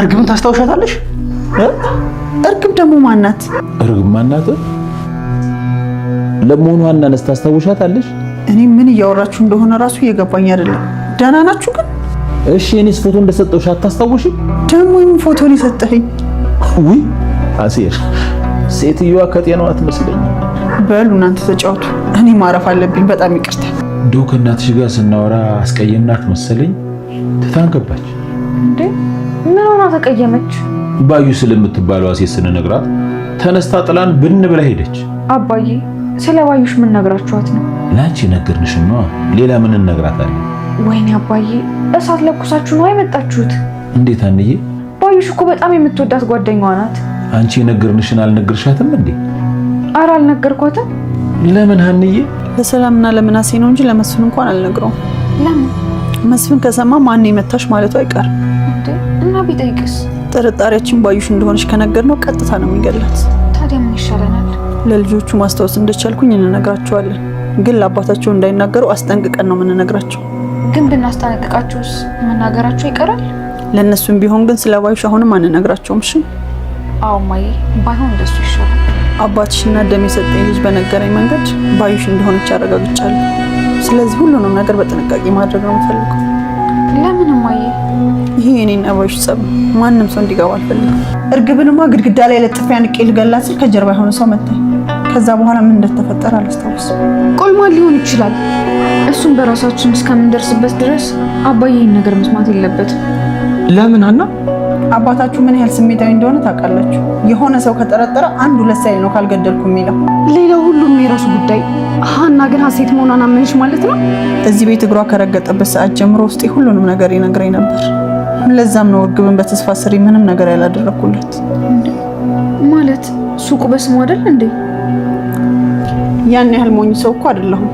እርግብን ታስታውሻታለሽ? እርግብ ደግሞ ማናት? እርግብ ማናት? ለመሆኑ አናነስ ታስታውሻታለሽ? እኔ ምን እያወራችሁ እንደሆነ እራሱ እየገባኝ አይደለም። ደህና ናችሁ ግን? እሺ እኔስ ፎቶ እንደሰጠሁሽ አታስታውሽም? ደግሞ የምን ፎቶ ነው የሰጠኸኝ? ውይ አሴር፣ ሴትዮዋ ከጤናዋ አትመስለኝም። በሉ እናንተ ተጫወቱ፣ እኔ ማረፍ አለብኝ። በጣም ይቅርታ። ዶክ እናትሽ ጋር ስናወራ አስቀየምናት መሰለኝ ትታን ገባች እንዴ? ምን ሆና ተቀየመች? ባዩ ስለምትባለዋ ሴት ስንነግራት ተነስታ ጥላን ብን ብላ ሄደች። አባዬ ስለ ባዩሽ ምን ነግራችኋት ነው? ላንቺ ነገርንሽማ፣ ሌላ ምን እነግራታለን? ወይኔ አባዬ እሳት ለኩሳችሁ ነው የመጣችሁት? እንዴት አንዬ፣ ባዩሽ እኮ በጣም የምትወዳት ጓደኛዋ ናት። አንቺ የነገርንሽን አልነግርሻትም እንዴ? አረ አልነገርኳትም። ለምን አንዬ? ለሰላምና ለምናሴ ነው እንጂ ለመስፍን እንኳን አልነግረውም። ለምን? መስፍን ከሰማ ማን የመታሽ ማለቱ አይቀርም። እንዴ እና ቢጠይቅስ? ጥርጣሬያችን ባዩሽ እንደሆነች ከነገር ነው ቀጥታ ነው የሚገላት። ታዲያ ምን ይሻለናል? ለልጆቹ ማስታወስ እንደቻልኩኝ እንነግራቸዋለን፣ ግን ለአባታቸው እንዳይናገሩ አስጠንቅቀን ነው የምንነግራቸው። ግን ብናስጠነቅቃቸውስ መናገራቸው ይቀራል? ለእነሱም ቢሆን ግን ስለ ባዩሽ አሁንም አንነግራቸውም። እሺ? አዎ እማዬ፣ ባይሆን እንደሱ ይሻላል። አባትሽና ደም የሰጠኝ ልጅ በነገረኝ መንገድ ባዩሽ እንደሆነች አረጋግጫለሁ። ስለዚህ ሁሉንም ነገር በጥንቃቄ ማድረግ ነው የምፈልገው። ለምን እማዬ? ይሄ የኔና ባዩሽ ጸብ ማንም ሰው እንዲገባ አልፈልግም። እርግብንማ ግድግዳ ላይ ለጥፌ ንቄ ልገላት ስል ከጀርባ የሆነ ሰው መታኝ። ከዛ በኋላ ምን እንደተፈጠረ አላስታውስም። ቆልማ ሊሆን ይችላል። እሱም በራሳችን እስከምንደርስበት ድረስ አባዬን ነገር መስማት የለበትም። ለምን አና አባታችሁ ምን ያህል ስሜታዊ እንደሆነ ታውቃላችሁ። የሆነ ሰው ከጠረጠረ አንድ ሁለት ሳይል ነው ካልገደልኩ የሚለው። ሌላው ሁሉም የራሱ ጉዳይ። ሀና ግን ሀሴት መሆኗን አመንሽ ማለት ነው። እዚህ ቤት እግሯ ከረገጠበት ሰዓት ጀምሮ ውስጤ ሁሉንም ነገር ይነግረኝ ነበር። ለዛም ነው እርግብን በተስፋ ስሪ ምንም ነገር ያላደረኩለት። ማለት ሱቁ በስሙ አይደል እንዴ? ያን ያህል ሞኝ ሰው እኮ አይደለሁም።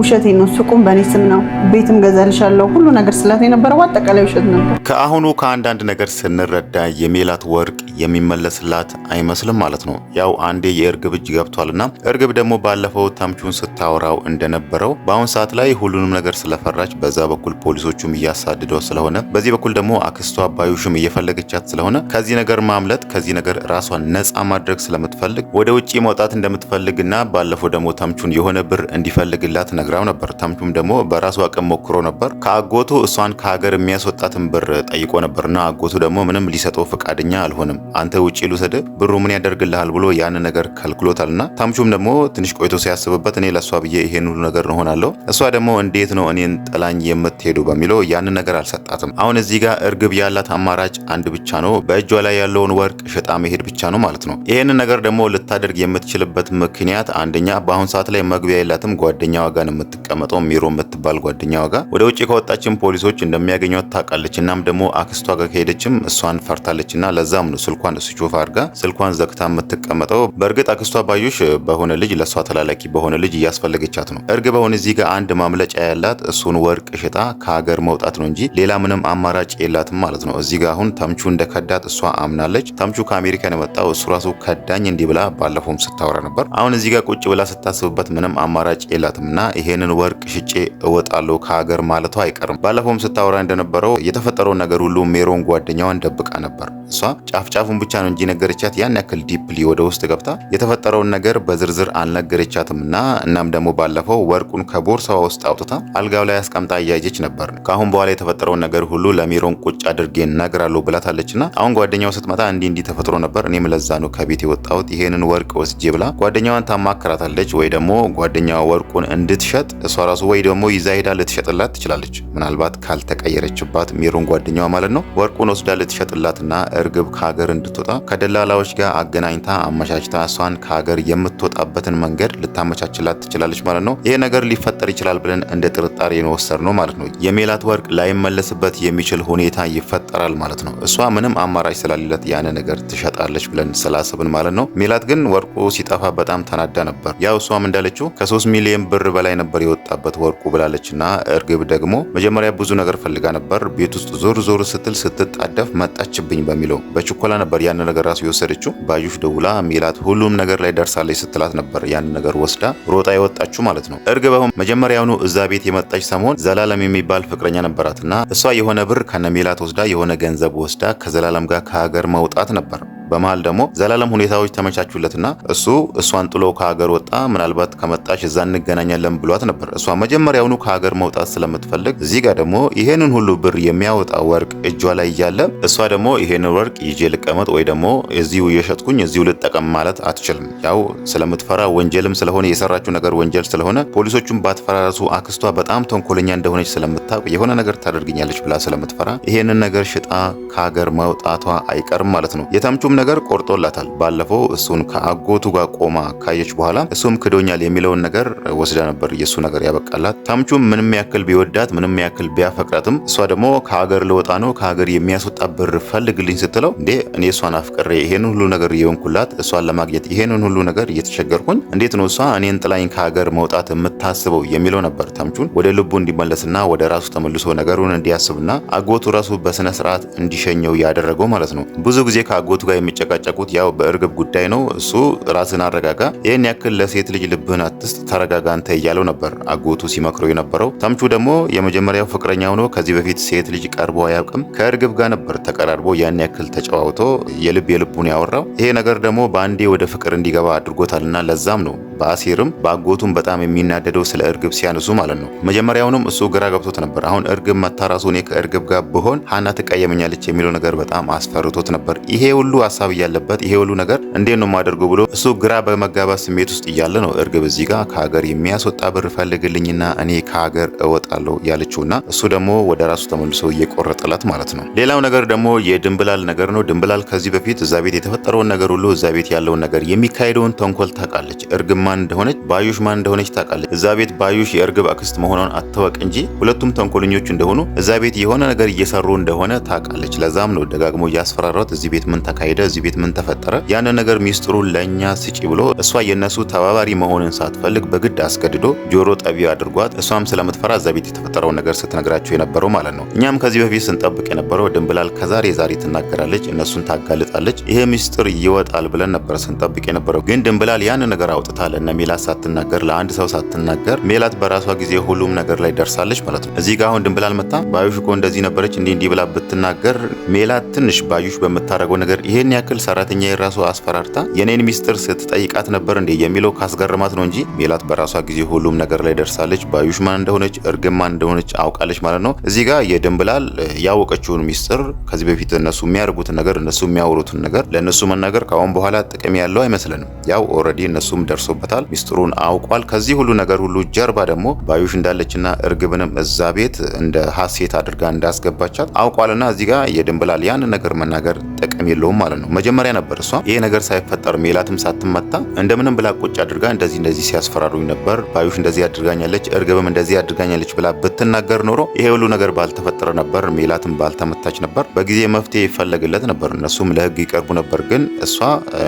ውሸቴ ነው። ሱቁም በእኔ ስም ነው፣ ቤትም ገዛልሻለሁ ሁሉ ነገር ስላት የነበረው አጠቃላይ ውሸት ነበር። ከአሁኑ ከአንዳንድ ነገር ስንረዳ የሜላት ወርቅ የሚመለስላት አይመስልም ማለት ነው። ያው አንዴ የእርግብ እጅ ገብቷልና እርግብ ደግሞ ባለፈው ተምቹን ስታወራው እንደነበረው በአሁን ሰዓት ላይ ሁሉንም ነገር ስለፈራች በዛ በኩል ፖሊሶቹም እያሳድደው ስለሆነ፣ በዚህ በኩል ደግሞ አክስቷ ባዩሽም እየፈለገቻት ስለሆነ ከዚህ ነገር ማምለጥ ከዚህ ነገር ራሷን ነፃ ማድረግ ስለምትፈልግ ወደ ውጭ መውጣት እንደምትፈልግና ባለፈው ደግሞ ተምቹን የሆነ ብር እንዲፈልግላት ነግራው ነበር። ተምቹም ደግሞ በራሱ አቅም ሞክሮ ነበር። ከአጎቱ እሷን ከሀገር የሚያስወጣትን ብር ጠይቆ ነበርና አጎቱ ደግሞ ምንም ሊሰጠው ፈቃደኛ አልሆንም። አንተ ውጭ ልውሰድ ብሩ ምን ያደርግልሃል ብሎ ያን ነገር ከልክሎታልና ታምቹም ደግሞ ትንሽ ቆይቶ ሲያስብበት እኔ ለእሷ ብዬ ይሄን ሁሉ ነገር እሆናለሁ፣ እሷ ደግሞ እንዴት ነው እኔን ጥላኝ የምትሄዱ በሚለው ያን ነገር አልሰጣትም። አሁን እዚህ ጋር እርግብ ያላት አማራጭ አንድ ብቻ ነው፣ በእጇ ላይ ያለውን ወርቅ ሽጣ መሄድ ብቻ ነው ማለት ነው። ይህን ነገር ደግሞ ልታደርግ የምትችልበት ምክንያት አንደኛ በአሁን ሰዓት ላይ መግቢያ የላትም ጓደኛዋ ጋር የምትቀመጠው ሚሮ የምትባል ጓደኛ ዋጋ ወደ ውጭ ከወጣችን ፖሊሶች እንደሚያገኟት ታውቃለች። እናም ደግሞ አክስቷ ጋር ከሄደችም እሷን ፈርታለችና ለዛም ነው ስልኳን ስዊች አድርጋ ስልኳን ዘግታ የምትቀመጠው። በእርግጥ አክስቷ ባዩሽ በሆነ ልጅ ለእሷ ተላላኪ በሆነ ልጅ እያስፈለገቻት ነው። እርግ አሁን እዚህ ጋር አንድ ማምለጫ ያላት እሱን ወርቅ ሽጣ ከሀገር መውጣት ነው እንጂ ሌላ ምንም አማራጭ የላትም ማለት ነው። እዚህ ጋር አሁን ተምቹ እንደከዳት እሷ አምናለች። ተምቹ ከአሜሪካን የመጣው እሱ ራሱ ከዳኝ እንዲህ ብላ ባለፈውም ስታወራ ነበር። አሁን እዚህ ጋር ቁጭ ብላ ስታስብበት ምንም አማራጭ የላትም እና ይሄንን ወርቅ ሽጬ እወጣለሁ ከሀገር ማለቷ አይቀርም። ባለፈውም ስታወራ እንደነበረው የተፈጠረው ነገር ሁሉ ሜሮን ጓደኛዋን ደብቃ ነበር። እሷ ጫፍጫፉን ብቻ ነው እንጂ ነገረቻት። ያን ያክል ዲፕሊ ወደ ውስጥ ገብታ የተፈጠረውን ነገር በዝርዝር አልነገረቻትም እና እናም ደግሞ ባለፈው ወርቁን ከቦርሳዋ ውስጥ አውጥታ አልጋው ላይ አስቀምጣ እያየች ነበር። ከአሁን በኋላ የተፈጠረውን ነገር ሁሉ ለሚሮን ቁጭ አድርጌ እነግራለሁ ብላታለች ና አሁን ጓደኛው ስትመጣ እንዲ እንዲ ተፈጥሮ ነበር፣ እኔም ለዛ ነው ከቤት የወጣሁት ይሄንን ወርቅ ወስጄ ብላ ጓደኛዋን ታማክራታለች። ወይ ደግሞ ጓደኛዋ ወርቁን እንድትሸጥ እሷ ራሱ ወይ ደግሞ ይዛ ሄዳ ልትሸጥላት ትችላለች። ምናልባት ካልተቀየረችባት ሚሮን ጓደኛዋ ማለት ነው ወርቁን ወስዳ ልትሸጥላትና እርግብ ከሀገር እንድትወጣ ከደላላዎች ጋር አገናኝታ አመቻችታ እሷን ከሀገር የምትወጣበትን መንገድ ልታመቻችላት ትችላለች ማለት ነው። ይሄ ነገር ሊፈጠር ይችላል ብለን እንደ ጥርጣሬ ነው ማለት ነው። የሜላት ወርቅ ላይመለስበት የሚችል ሁኔታ ይፈጠራል ማለት ነው። እሷ ምንም አማራጭ ስላሌላት ያን ነገር ትሸጣለች ብለን ስላስብን ማለት ነው። ሜላት ግን ወርቁ ሲጠፋ በጣም ተናዳ ነበር። ያው እሷም እንዳለችው ከሶስት ሚሊዮን ብር በላይ ነበር የወጣበት ወርቁ ብላለች። እና እርግብ ደግሞ መጀመሪያ ብዙ ነገር ፈልጋ ነበር። ቤት ውስጥ ዞር ዞር ስትል ስትጣደፍ መጣችብኝ በሚለው የሚለው በችኮላ ነበር ያን ነገር ራሱ የወሰደችው። ባዩሽ ደውላ ሚላት ሁሉም ነገር ላይ ደርሳለች ስትላት ነበር ያን ነገር ወስዳ ሮጣ የወጣችሁ ማለት ነው። እርግብ አሁን መጀመሪያውኑ እዛ ቤት የመጣች ሰሞን ዘላለም የሚባል ፍቅረኛ ነበራትና እሷ የሆነ ብር ከነ ሚላት ወስዳ የሆነ ገንዘብ ወስዳ ከዘላለም ጋር ከሀገር መውጣት ነበር በመሀል ደግሞ ዘላለም ሁኔታዎች ተመቻቹለትና እሱ እሷን ጥሎ ከሀገር ወጣ። ምናልባት ከመጣሽ እዛ እንገናኛለን ብሏት ነበር። እሷ መጀመሪያውኑ ከሀገር መውጣት ስለምትፈልግ እዚህ ጋር ደግሞ ይሄንን ሁሉ ብር የሚያወጣ ወርቅ እጇ ላይ እያለ እሷ ደግሞ ይሄን ወርቅ ይዤ ልቀመጥ ወይ ደግሞ እዚሁ እየሸጥኩኝ እዚሁ ልጠቀም ማለት አትችልም። ያው ስለምትፈራ ወንጀልም ስለሆነ የሰራችው ነገር ወንጀል ስለሆነ ፖሊሶቹን ባትፈራረሱ አክስቷ በጣም ተንኮለኛ እንደሆነች ስለምታውቅ የሆነ ነገር ታደርግኛለች ብላ ስለምትፈራ ይሄንን ነገር ሽጣ ከሀገር መውጣቷ አይቀርም ማለት ነው። የተምቹም ነገር ቆርጦላታል። ባለፈው እሱን ከአጎቱ ጋር ቆማ ካየች በኋላ እሱም ክዶኛል የሚለውን ነገር ወስዳ ነበር የእሱ ነገር ያበቃላት። ታምቹም ምንም ያክል ቢወዳት ምንም ያክል ቢያፈቅራትም እሷ ደግሞ ከሀገር ልወጣ ነው ከሀገር የሚያስወጣ ብር ፈልግልኝ ስትለው እንዴ እኔ እሷን አፍቅሬ ይሄን ሁሉ ነገር የሆንኩላት እሷን ለማግኘት ይሄንን ሁሉ ነገር እየተቸገርኩኝ እንዴት ነው እሷ እኔን ጥላኝ ከሀገር መውጣት የምታስበው የሚለው ነበር ታምቹን ወደ ልቡ እንዲመለስና ወደ ራሱ ተመልሶ ነገሩን እንዲያስብና አጎቱ ራሱ በስነ ስርዓት እንዲሸኘው ያደረገው ማለት ነው። ብዙ ጊዜ ከአጎቱ ጋር የሚጨቃጨቁት ያው በእርግብ ጉዳይ ነው። እሱ ራስን አረጋጋ፣ ይህን ያክል ለሴት ልጅ ልብህን አትስጥ፣ ተረጋጋ አንተ እያለው ነበር አጎቱ ሲመክረው የነበረው። ተምቹ ደግሞ የመጀመሪያው ፍቅረኛ ሆኖ ከዚህ በፊት ሴት ልጅ ቀርቦ አያውቅም። ከእርግብ ጋር ነበር ተቀራርቦ ያን ያክል ተጨዋውቶ የልብ የልቡን ያወራው። ይሄ ነገር ደግሞ በአንዴ ወደ ፍቅር እንዲገባ አድርጎታልና ለዛም ነው በአሴርም በአጎቱም በጣም የሚናደደው ስለ እርግብ ሲያነሱ ማለት ነው። መጀመሪያውንም እሱ ግራ ገብቶት ነበር። አሁን እርግብ መታራሱ እኔ ከእርግብ ጋር ብሆን ሀና ትቀየመኛለች የሚለው ነገር በጣም አስፈርቶት ነበር። ይሄ ሁሉ ሀሳብ እያለበት ይሄ ሁሉ ነገር እንዴት ነው የማደርገው ብሎ እሱ ግራ በመጋባት ስሜት ውስጥ እያለ ነው እርግብ እዚህ ጋር ከሀገር የሚያስወጣ ብር ፈልግልኝና እኔ ከሀገር እወጣለሁ ያለችውና እሱ ደግሞ ወደ ራሱ ተመልሶ እየቆረጠላት ማለት ነው። ሌላው ነገር ደግሞ የድንብላል ነገር ነው። ድንብላል ከዚህ በፊት እዛ ቤት የተፈጠረውን ነገር ሁሉ እዛ ቤት ያለውን ነገር የሚካሄደውን ተንኮል ታውቃለች። እርግብ ማን እንደሆነች ባዩሽ ማን እንደሆነች ታውቃለች። እዛ ቤት ባዩሽ የእርግብ አክስት መሆኗን አትወቅ እንጂ ሁለቱም ተንኮለኞች እንደሆኑ እዛ ቤት የሆነ ነገር እየሰሩ እንደሆነ ታውቃለች። ለዛም ነው ደጋግሞ እያስፈራራት እዚህ ቤት ምን ተካሄደ ሄደ እዚህ ቤት ምን ተፈጠረ ያን ነገር ሚስጥሩን ለእኛ ስጪ ብሎ እሷ የእነሱ ተባባሪ መሆንን ሳትፈልግ በግድ አስገድዶ ጆሮ ጠቢ አድርጓት እሷም ስለምትፈራ እዛ ቤት የተፈጠረውን ነገር ስትነግራቸው የነበረው ማለት ነው። እኛም ከዚህ በፊት ስንጠብቅ የነበረው ድንብላል ከዛሬ ዛሬ ትናገራለች፣ እነሱን ታጋልጣለች፣ ይሄ ሚስጥር ይወጣል ብለን ነበር ስንጠብቅ የነበረው። ግን ድንብላል ያን ነገር አውጥታ ለእነ ሜላት ሳትናገር ለአንድ ሰው ሳትናገር ሜላት በራሷ ጊዜ ሁሉም ነገር ላይ ደርሳለች ማለት ነው። እዚህ ጋር አሁን ድንብላል መታ ባዩሽ እኮ እንደዚህ ነበረች እንዲህ እንዲህ ብላ ብትናገር ሜላት ትንሽ ባዩሽ በምታደርገው ነገር ይሄን ያን ያክል ሰራተኛ የራሱ አስፈራርታ የኔን ሚስጥር ስትጠይቃት ነበር እንዴ የሚለው ካስገረማት ነው እንጂ ሜላት በራሷ ጊዜ ሁሉም ነገር ላይ ደርሳለች። ባዩሽ ማን እንደሆነች እርግብ ማን እንደሆነች አውቃለች ማለት ነው። እዚህ ጋር የደንብላል ያወቀችውን ሚስጥር ከዚህ በፊት እነሱ የሚያደርጉትን ነገር እነሱ የሚያወሩትን ነገር ለእነሱ መናገር ከአሁን በኋላ ጥቅም ያለው አይመስለንም። ያው ኦልሬዲ እነሱም ደርሶበታል፣ ሚስጥሩን አውቋል። ከዚህ ሁሉ ነገር ሁሉ ጀርባ ደግሞ ባዩሽ እንዳለችና እርግብንም እዛ ቤት እንደ ሀሴት አድርጋ እንዳስገባቻት አውቋልና እዚህ ጋር የደንብላል ያን ነገር መናገር ጥቅም የለውም ማለት ነው። ነው። መጀመሪያ ነበር እሷ ይሄ ነገር ሳይፈጠር ሜላትም ሳትመታ እንደምንም ብላ ቁጭ አድርጋ እንደዚህ እንደዚህ ሲያስፈራሩኝ ነበር፣ ባዩሽ እንደዚህ አድርጋኛለች፣ እርግብም እንደዚህ አድርጋኛለች ብላ ብትናገር ኖሮ ይሄ ሁሉ ነገር ባልተፈጠረ ነበር፣ ሜላትም ባልተመታች ነበር። በጊዜ መፍትሄ ይፈለግለት ነበር፣ እነሱም ለህግ ይቀርቡ ነበር። ግን እሷ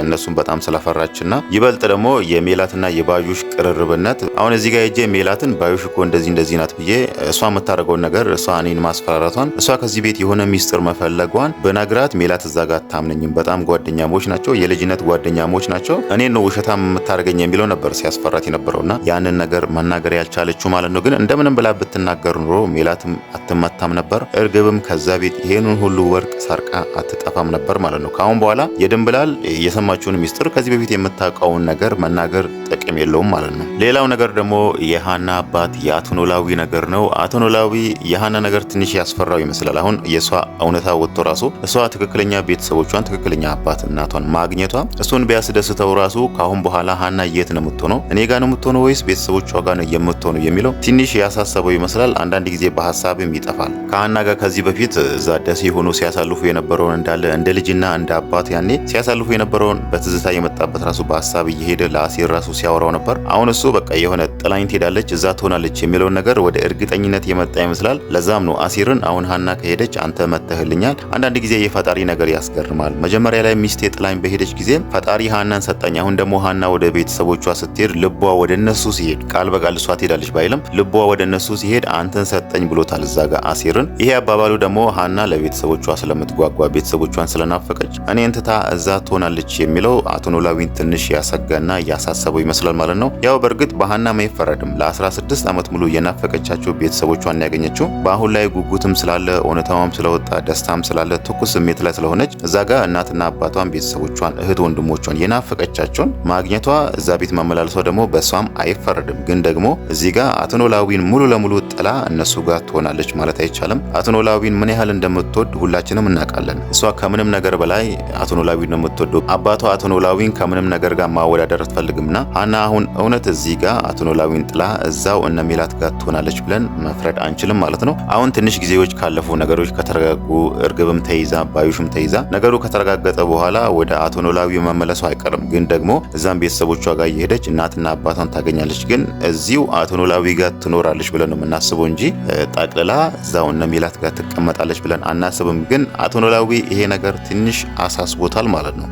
እነሱም በጣም ስለፈራችና ይበልጥ ደግሞ የሜላትና የባዩሽ ቅርርብነት አሁን እዚህ ጋር ሄጄ ሜላትን ባዩሽ እኮ እንደዚህ እንደዚህ ናት ብዬ እሷ የምታደርገውን ነገር እሷ እኔን ማስፈራራቷን እሷ ከዚህ ቤት የሆነ ሚስጥር መፈለጓን በነግራት ሜላት እዛ ጋር አታምነኝም በጣም ጓደኛሞች ናቸው፣ የልጅነት ጓደኛሞች ናቸው። እኔ ነው ውሸታም የምታደርገኝ የሚለው ነበር ሲያስፈራት የነበረውና ያንን ነገር መናገር ያልቻለችው ማለት ነው። ግን እንደምንም ብላ ብትናገር ኑሮ ሜላትም አትመታም ነበር። እርግብም ከዛ ቤት ይሄንን ሁሉ ወርቅ ሰርቃ አትጠፋም ነበር ማለት ነው። ከአሁን በኋላ የድንብላል የሰማችውን ሚስጥር ከዚህ በፊት የምታውቀውን ነገር መናገር ጥቅም የለውም ማለት ነው። ሌላው ነገር ደግሞ የሀና አባት የአቶ ኖላዊ ነገር ነው። አቶ ኖላዊ የሀና ነገር ትንሽ ያስፈራው ይመስላል። አሁን የእሷ እውነታ ወጥቶ ራሱ እሷ ትክክለኛ ቤተሰቦቿን ትክክለ ትክክለኛ አባት እናቷን ማግኘቷ እሱን ቢያስደስተው ራሱ ከአሁን በኋላ ሀና የት ነው የምትሆነው? እኔ ጋ ነው የምትሆነው ወይስ ቤተሰቦቿ ጋ ነው የምትሆነው የሚለው ትንሽ ያሳሰበው ይመስላል። አንዳንድ ጊዜ በሀሳብም ይጠፋል። ከሀና ጋር ከዚህ በፊት እዛ ደሴ ሆኖ ሲያሳልፉ የነበረውን እንዳለ እንደ ልጅና እንደ አባት ያኔ ሲያሳልፉ የነበረውን በትዝታ የመጣበት ራሱ በሀሳብ እየሄደ ለአሲር ራሱ ሲያወራው ነበር። አሁን እሱ በቃ የሆነ ጥላኝ ትሄዳለች፣ እዛ ትሆናለች የሚለውን ነገር ወደ እርግጠኝነት የመጣ ይመስላል። ለዛም ነው አሲርን አሁን ሀና ከሄደች አንተ መተህልኛል። አንዳንድ ጊዜ የፈጣሪ ነገር ያስገርማል። መጀመሪያ ላይ ሚስቴ ጥላኝ በሄደች ጊዜ ፈጣሪ ሀናን ሰጠኝ። አሁን ደግሞ ሀና ወደ ቤተሰቦቿ ስትሄድ ልቧ ወደ እነሱ ሲሄድ ቃል በቃል እሷ ትሄዳለች ባይልም ልቧ ወደ እነሱ ሲሄድ አንተን ሰጠኝ ብሎታል እዛ ጋር አሴርን። ይሄ አባባሉ ደግሞ ሀና ለቤተሰቦቿ ስለምትጓጓ ቤተሰቦቿን ስለናፈቀች እኔ እንትታ እዛ ትሆናለች የሚለው አቶ ኖላዊን ትንሽ ያሰጋና እያሳሰበው ይመስላል ማለት ነው። ያው በእርግጥ በሀና አይፈረድም። ለ16 ዓመት ሙሉ የናፈቀቻቸው ቤተሰቦቿን ያገኘችው በአሁን ላይ ጉጉትም ስላለ እውነታዋም ስለወጣ ደስታም ስላለ ትኩስ ስሜት ላይ ስለሆነች እዛ ጋ እናት እናትና አባቷን፣ ቤተሰቦቿን፣ እህት ወንድሞቿን የናፈቀቻቸውን ማግኘቷ እዛ ቤት መመላለሷ ደግሞ በእሷም አይፈረድም። ግን ደግሞ እዚህ ጋር አቶ ኖላዊን ሙሉ ለሙሉ ጥላ እነሱ ጋር ትሆናለች ማለት አይቻልም። አቶ ኖላዊን ምን ያህል እንደምትወድ ሁላችንም እናውቃለን። እሷ ከምንም ነገር በላይ አቶ ኖላዊን ነው የምትወደው። አባቷ አቶ ኖላዊን ከምንም ነገር ጋር ማወዳደር አትፈልግምና ሀና አሁን እውነት እዚህ ጋር አቶ ኖላዊን ጥላ እዛው እነ ሜላት ጋር ትሆናለች ብለን መፍረድ አንችልም ማለት ነው። አሁን ትንሽ ጊዜዎች ካለፉ ነገሮች ከተረጋጉ እርግብም ተይዛ ባዩሽም ተይዛ ነገሩ ከተረጋ ከተረጋገጠ በኋላ ወደ አቶ ኖላዊ መመለሱ አይቀርም። ግን ደግሞ እዛም ቤተሰቦቿ ጋር እየሄደች እናትና አባቷን ታገኛለች። ግን እዚሁ አቶ ኖላዊ ጋር ትኖራለች ብለን ነው የምናስበው እንጂ ጠቅልላ እዛው እነ ሚላት ጋር ትቀመጣለች ብለን አናስብም። ግን አቶ ኖላዊ ይሄ ነገር ትንሽ አሳስቦታል ማለት ነው።